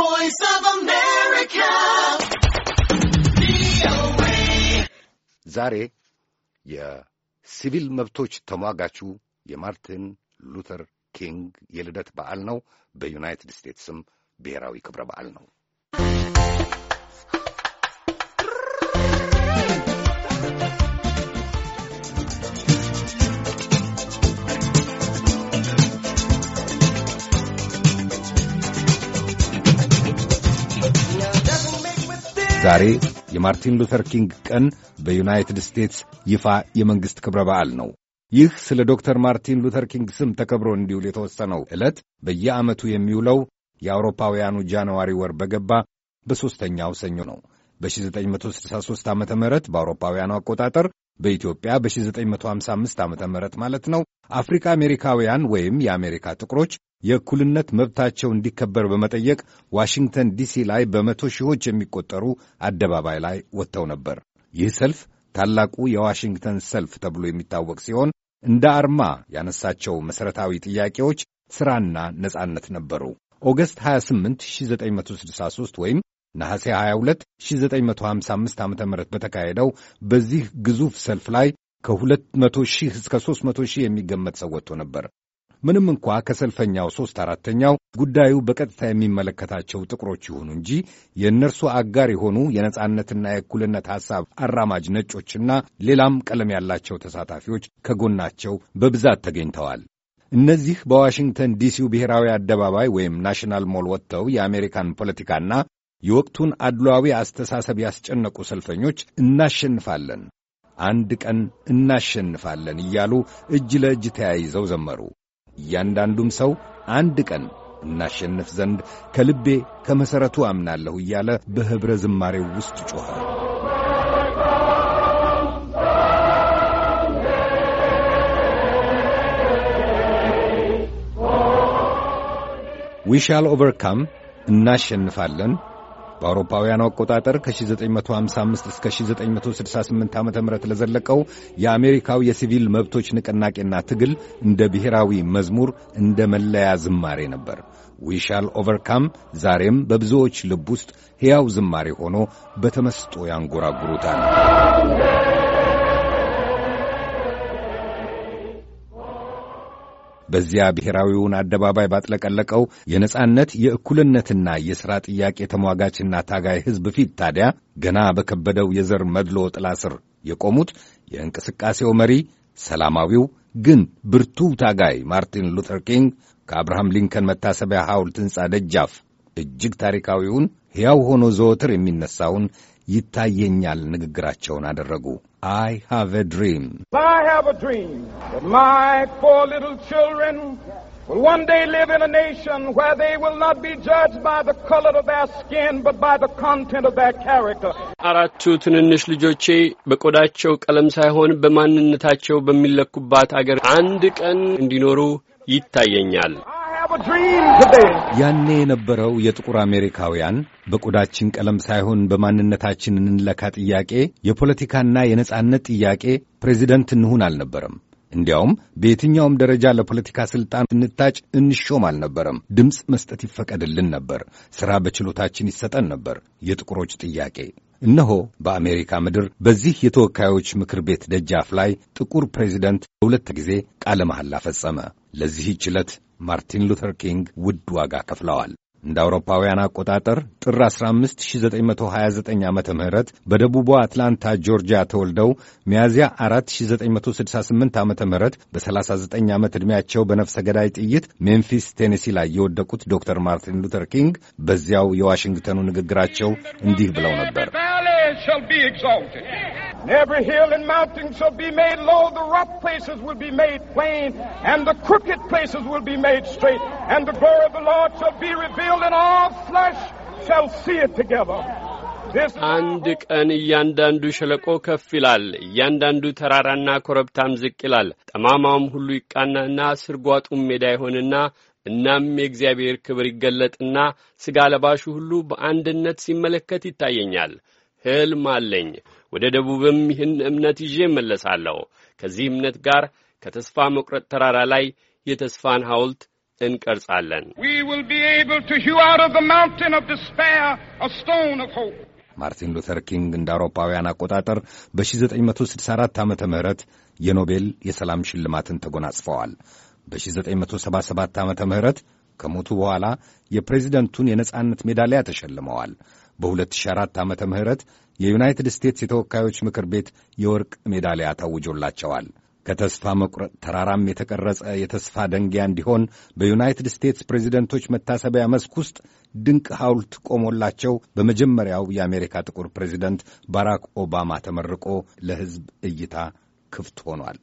voice of America. ዛሬ የሲቪል መብቶች ተሟጋቹ የማርቲን ሉተር ኪንግ የልደት በዓል ነው። በዩናይትድ ስቴትስም ብሔራዊ ክብረ በዓል ነው። ዛሬ የማርቲን ሉተር ኪንግ ቀን በዩናይትድ ስቴትስ ይፋ የመንግሥት ክብረ በዓል ነው። ይህ ስለ ዶክተር ማርቲን ሉተር ኪንግ ስም ተከብሮ እንዲውል የተወሰነው ዕለት በየዓመቱ የሚውለው የአውሮፓውያኑ ጃንዋሪ ወር በገባ በሦስተኛው ሰኞ ነው። በ1963 ዓ ም በአውሮፓውያኑ አቆጣጠር በኢትዮጵያ በ1955 ዓ ም ማለት ነው። አፍሪካ አሜሪካውያን ወይም የአሜሪካ ጥቁሮች የእኩልነት መብታቸው እንዲከበር በመጠየቅ ዋሽንግተን ዲሲ ላይ በመቶ ሺዎች የሚቆጠሩ አደባባይ ላይ ወጥተው ነበር። ይህ ሰልፍ ታላቁ የዋሽንግተን ሰልፍ ተብሎ የሚታወቅ ሲሆን እንደ አርማ ያነሳቸው መሠረታዊ ጥያቄዎች ሥራና ነጻነት ነበሩ። ኦገስት 28 1963 ወይም ነሐሴ 22 1955 ዓ ም በተካሄደው በዚህ ግዙፍ ሰልፍ ላይ ከ200 ሺህ እስከ 300 ሺህ የሚገመት ሰው ወጥቶ ነበር። ምንም እንኳ ከሰልፈኛው ሦስት አራተኛው ጉዳዩ በቀጥታ የሚመለከታቸው ጥቁሮች ይሁኑ እንጂ የእነርሱ አጋር የሆኑ የነጻነትና የእኩልነት ሐሳብ አራማጅ ነጮችና ሌላም ቀለም ያላቸው ተሳታፊዎች ከጎናቸው በብዛት ተገኝተዋል። እነዚህ በዋሽንግተን ዲሲው ብሔራዊ አደባባይ ወይም ናሽናል ሞል ወጥተው የአሜሪካን ፖለቲካና የወቅቱን አድሏዊ አስተሳሰብ ያስጨነቁ ሰልፈኞች እናሸንፋለን፣ አንድ ቀን እናሸንፋለን እያሉ እጅ ለእጅ ተያይዘው ዘመሩ። እያንዳንዱም ሰው አንድ ቀን እናሸንፍ ዘንድ ከልቤ ከመሠረቱ አምናለሁ እያለ በኅብረ ዝማሬው ውስጥ ጮኸ። ዊሻል ኦቨርካም እናሸንፋለን በአውሮፓውያኑ አቆጣጠር ከ1955 እስከ 1968 ዓ ም ለዘለቀው የአሜሪካው የሲቪል መብቶች ንቅናቄና ትግል እንደ ብሔራዊ መዝሙር እንደ መለያ ዝማሬ ነበር። ዊሻል ኦቨርካም ዛሬም በብዙዎች ልብ ውስጥ ሕያው ዝማሬ ሆኖ በተመስጦ ያንጎራጉሩታል። በዚያ ብሔራዊውን አደባባይ ባጥለቀለቀው የነጻነት የእኩልነትና የሥራ ጥያቄ ተሟጋችና ታጋይ ሕዝብ ፊት ታዲያ ገና በከበደው የዘር መድሎ ጥላ ስር የቆሙት የእንቅስቃሴው መሪ ሰላማዊው ግን ብርቱ ታጋይ ማርቲን ሉተር ኪንግ ከአብርሃም ሊንከን መታሰቢያ ሐውልት ሕንፃ ደጃፍ እጅግ ታሪካዊውን ሕያው ሆኖ ዘወትር የሚነሳውን ይታየኛል ንግግራቸውን አደረጉ። I have a dream. I have a dream that my four little children will one day live in a nation where they will not be judged by the color of their skin but by the content of their character. አራቱ ትንንሽ ልጆቼ በቆዳቸው ቀለም ሳይሆን በማንነታቸው በሚለኩባት አገር አንድ ቀን እንዲኖሩ ይታየኛል። ያኔ የነበረው የጥቁር አሜሪካውያን በቆዳችን ቀለም ሳይሆን በማንነታችን እንለካ ጥያቄ የፖለቲካና የነጻነት ጥያቄ ፕሬዚደንት እንሁን አልነበረም። እንዲያውም በየትኛውም ደረጃ ለፖለቲካ ስልጣን እንታጭ እንሾም አልነበረም። ድምፅ መስጠት ይፈቀድልን ነበር። ሥራ በችሎታችን ይሰጠን ነበር። የጥቁሮች ጥያቄ እነሆ በአሜሪካ ምድር በዚህ የተወካዮች ምክር ቤት ደጃፍ ላይ ጥቁር ፕሬዚደንት ለሁለት ጊዜ ቃለ መሐላ ፈጸመ። ለዚህች ዕለት ማርቲን ሉተር ኪንግ ውድ ዋጋ ከፍለዋል። እንደ አውሮፓውያን አቆጣጠር ጥር 15 ዓ ም በደቡቧ አትላንታ ጆርጂያ ተወልደው ሚያዝያ 4968 ዓ ም በ39 ዓመት ዕድሜያቸው በነፍሰ ገዳይ ጥይት ሜምፊስ ቴኔሲ ላይ የወደቁት ዶክተር ማርቲን ሉተር ኪንግ በዚያው የዋሽንግተኑ ንግግራቸው እንዲህ ብለው ነበር። shall be exalted. And every hill and mountain shall be made low, the rough places will be made plain, and the crooked places will be made straight, and the glory of the Lord shall be revealed, and all flesh shall see it together. አንድ ቀን እያንዳንዱ ሸለቆ ከፍ ይላል፣ እያንዳንዱ ተራራና ኮረብታም ዝቅ ይላል። ጠማማውም ሁሉ ይቃናና ስርጓጡም ሜዳ ይሆንና እናም የእግዚአብሔር ክብር ይገለጥና ሥጋ ለባሹ ሁሉ በአንድነት ሲመለከት ይታየኛል። ሕልም አለኝ። ወደ ደቡብም ይህን እምነት ይዤ እመለሳለሁ። ከዚህ እምነት ጋር ከተስፋ መቁረጥ ተራራ ላይ የተስፋን ሐውልት እንቀርጻለን። ማርቲን ሉተር ኪንግ እንደ አውሮፓውያን አቆጣጠር በ1964 ዓ. ምህረት የኖቤል የሰላም ሽልማትን ተጎናጽፈዋል። በ1977 ዓ ምህረት ከሞቱ በኋላ የፕሬዚደንቱን የነጻነት ሜዳሊያ ተሸልመዋል። በ2004 ዓ ምህረት የዩናይትድ ስቴትስ የተወካዮች ምክር ቤት የወርቅ ሜዳሊያ ታውጆላቸዋል። ከተስፋ መቁረጥ ተራራም የተቀረጸ የተስፋ ደንጊያ እንዲሆን በዩናይትድ ስቴትስ ፕሬዚደንቶች መታሰቢያ መስክ ውስጥ ድንቅ ሐውልት ቆሞላቸው በመጀመሪያው የአሜሪካ ጥቁር ፕሬዚደንት ባራክ ኦባማ ተመርቆ ለሕዝብ እይታ ክፍት ሆኗል።